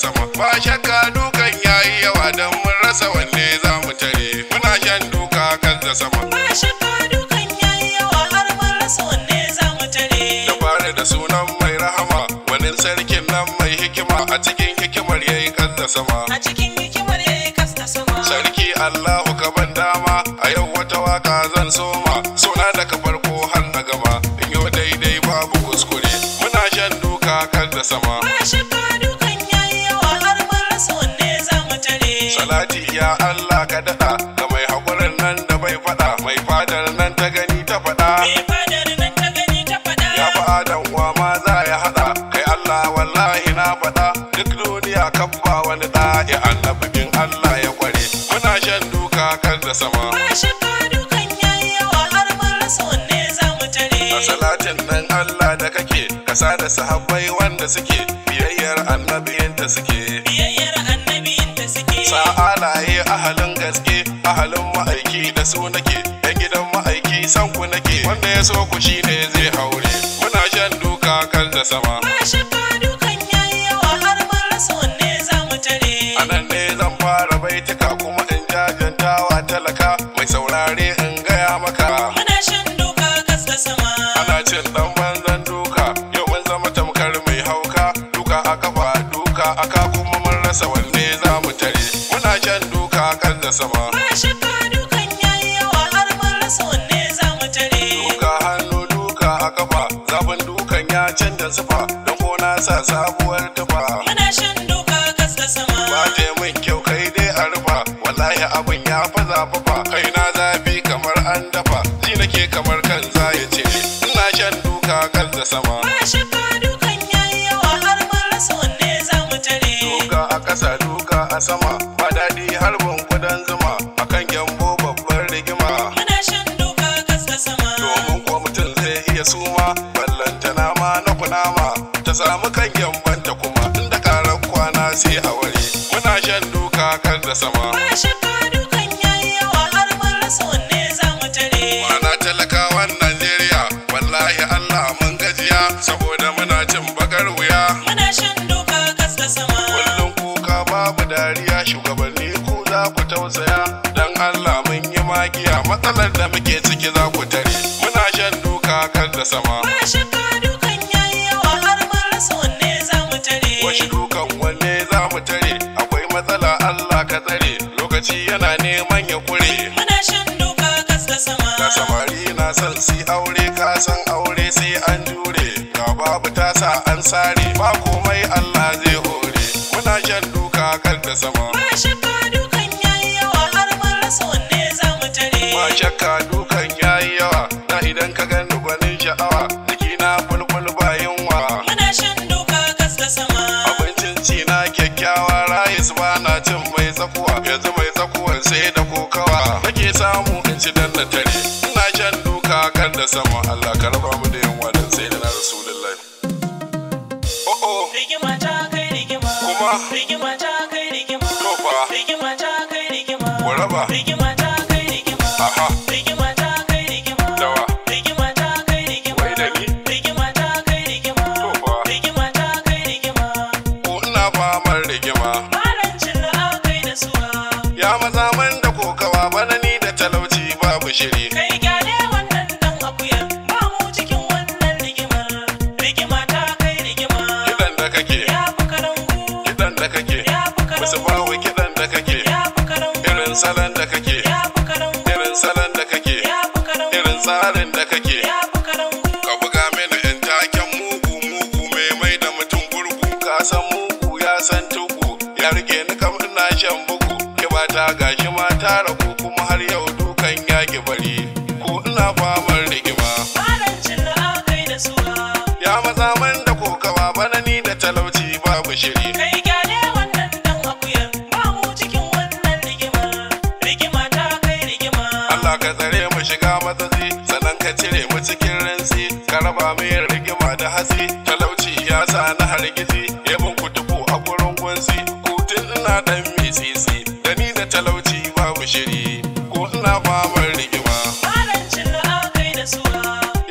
sama ba shakka dukan yayi yawa dan mun rasa wanne za mu tare muna shan duka kan da sama ba shakka dukan yayi yawa har mun rasa wanne za mu tare da fara da sunan mai rahama wani sarkin nan mai hikima a cikin hikimar yayi kan da sama a cikin hikimar yayi kan da sama sarki Allahu ka ban dama a yau wata waka zan soma suna da ka farko har na gaba in yau daidai babu kuskure muna shan duka kan da sama ba shakka ya Allah ka daɗa ga mai haƙurin nan da bai faɗa mai fadar nan ta gani ta faɗa ya fi adam wa ma za ya haɗa kai Allah wallahi na faɗa duk duniya kan ba wani ɗa ya annabi Allah ya kware muna shan duka kan da sama salatin nan Allah da kake kasa da sahabbai wanda suke biyayyar da suke biyayyar sa yi ahalin gaske ahalin ma'aiki da su nake yan gidan ma'aiki san ku nake wanda ya so ku shi ne zai haure muna shan duka kan da sama anan ne zan fara baitika kuma in jajantawa talaka mai saurare ta dukan yayi yawa har mun rasa wanne za mu tare. Duka hannu duka a kafa, zaben dukan ya canza zufa, don ko sa sabuwar tufa. Muna shan duka kas sama. Ba ta yi min kyau kai dai a rufa, wallahi abin ya fa zafafa, kai na zafi kamar an dafa, ji nake kamar kan zaya ce. Ina shan duka kas sama. Ba shakka dukan yayi yawa har mun rasa wanne za mu tare. Duka a ƙasa duka a sama. da sama. Ba shakka dukan yayi yawa har mun rasa ne za mu tare. Mana talakawan Najeriya wallahi Allah mun gajiya saboda muna cin bakar wuya. Muna shan duka kas da sama. Kullum kuka babu dariya shugabanni ku za ku tausaya dan Allah mun yi magiya matsalar da muke ciki za ku tare. Muna shan duka kas da sama. Ba tsare lokaci yana neman ya kure muna shan duka kas da sama ga samari na san si aure ka san aure sai an jure ga babu ta sa an sare ba komai Allah zai hore muna shan duka kas da sama ba shakka dukan yayi yawa har mun rasa wanne za mu tare ba shakka na tare ina shan duka kan da sama Allah ka raba mu da yin wadan sai da na rasulullahi oh oh rigima ta kai rigima kuma rigima ta kai rigima to rigima ta kai rigima ku raba rigima tsarin da kake ka buga mini in taken mugu mugu mai mai da mutum gurgu ka san mugu ya san tugu ya rike ni kam ina shan bugu kiba ta gashi ma ta ragu kuma har yau dukan ya ki bari ko ina famar rigima ya maza man da kokawa bana ni da talauci babu shiri ka cire mu cikin rantsi ka raba rigima da hatsi talauci ya sa na hargizi ya mun kutuku a gurin gunsi kutun ina dan mitsitsi da ni da talauci babu shiri ko ina famar rigima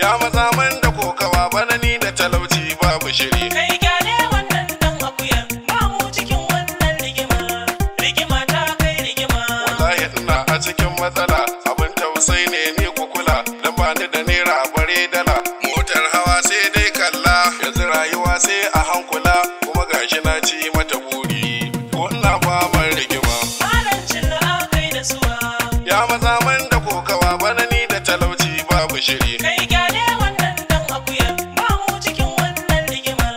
ya maza man da kokawa bana ni da talauci babu shiri kai gyale wannan dan akuya ba cikin wannan rigima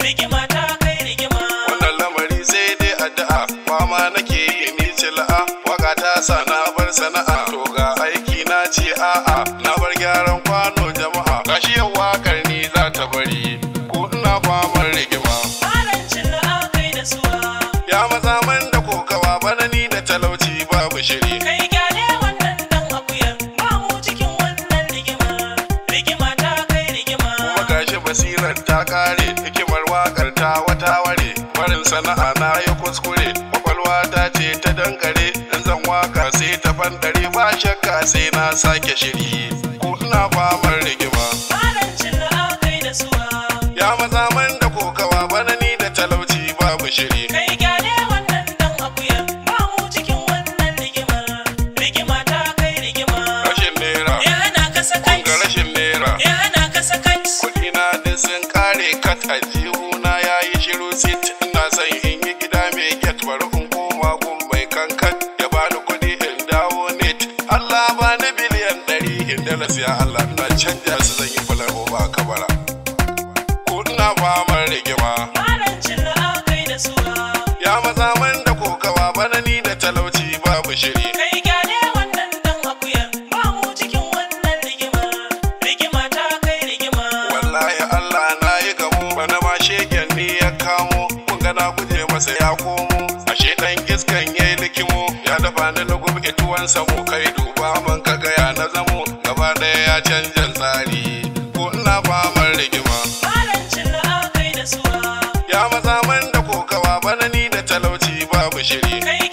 rigima ta kai rigima wannan lamari sai dai addu'a mama nake yi ni ce la'a waka ta bar sana'a to ga aiki ta kare hikimar wakar ta wata ware barin sana'a na yi kuskure kwakwalwa ta ce ta dangare in zan waka sai ta fandare ba shakka sai na sake shiri ko ina fama aljihuna ya yi shiru sit ina son in yi gida mai get bari in koma gun mai kankan ya bani kuɗi in dawo net Allah ba biliyan ɗari in dalas ya Allah ina canja su zan yi fulan oba kabara ko ina famar rigima ya maza man da kokawa Banani da talauci babu shiri yana guje masa ya komo ashe ɗan iskan yayi likimo ya dafa ni na gumke tuwon samu kai duba man ka gaya na zamo gaba daya ya canja tsari ko ina famar rigima ya maza man da kokawa bana ni da talauci babu shiri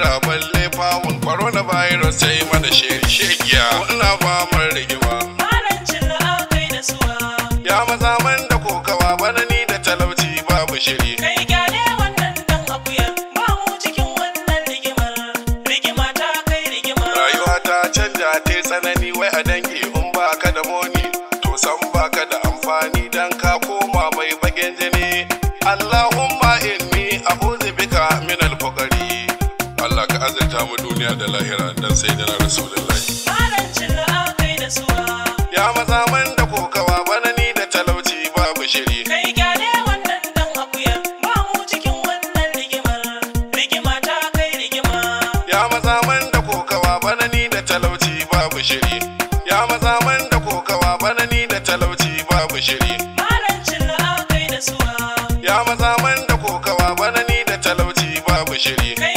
naira balle fawon coronavirus sai mana shiri shegiya ina famar rigima barancin na kai da suwa ya maza man da kokawa bana ni da talauci babu shiri kai gane wannan dan akuyar ba mu cikin wannan rigima, rigima ta kai rigima rayuwa ta canja ta tsanani wai a lahira dan sai da rasulullahi karancin na kai da suwa ya maza man da kokawa bana ni da talauci babu shiri kai gyale wannan dan akuyar ba mu cikin wannan rigimar rigima ta kai rigima ya maza man da kokawa bana ni da talauci babu shiri ya maza man da kokawa bana ni da talauci babu shiri karancin na kai da suwa ya maza man da kokawa bana ni da talauci babu shiri